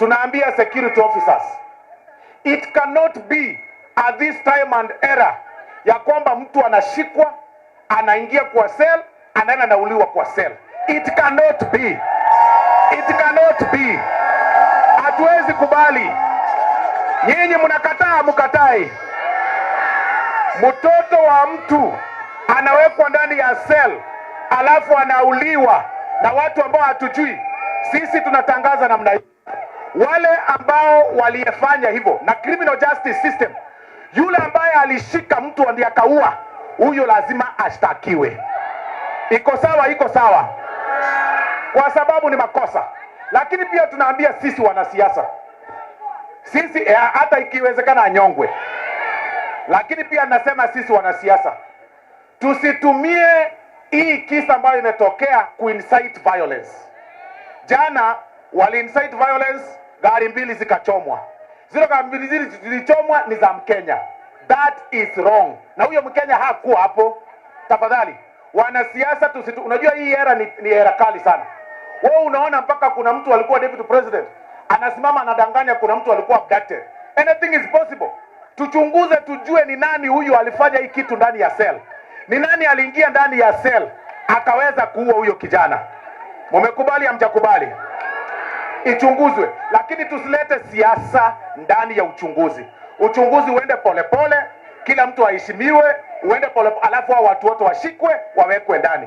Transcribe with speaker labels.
Speaker 1: tunaambia security officers, it cannot be at this time and era ya kwamba mtu anashikwa anaingia kwa cell anaenda nauliwa kwa cell. It cannot be, it cannot be. Hatuwezi kubali. Nyinyi mnakataa, mkatai. Mtoto wa mtu anawekwa ndani ya cell alafu anauliwa na watu ambao hatujui. Sisi tunatangaza namna hiyo wale ambao waliyefanya hivyo na criminal justice system, yule ambaye alishika mtu ndiye akaua, huyo lazima ashtakiwe. Iko sawa? Iko sawa, kwa sababu ni makosa. Lakini pia tunaambia sisi wanasiasa, sisi eh, hata ikiwezekana anyongwe, lakini pia nasema sisi wanasiasa tusitumie hii kisa ambayo imetokea kuincite violence jana wali incite violence, gari mbili zikachomwa. Zile gari mbili zile zilichomwa ni za Mkenya. That is wrong, na huyo Mkenya hakuwa hapo. Tafadhali wanasiasa tusitu, unajua hii era ni, ni era kali sana. Wewe unaona mpaka kuna mtu alikuwa deputy president anasimama anadanganya, kuna mtu alikuwa abducted. Anything is possible. Tuchunguze tujue ni nani huyu alifanya hii kitu ndani ya cell, ni nani aliingia ndani ya cell akaweza kuua huyo kijana. Mumekubali amjakubali? ichunguzwe, lakini tusilete siasa ndani ya uchunguzi. Uchunguzi uende polepole kila mtu aheshimiwe, uende polepole, alafu hao watu wote washikwe wawekwe ndani.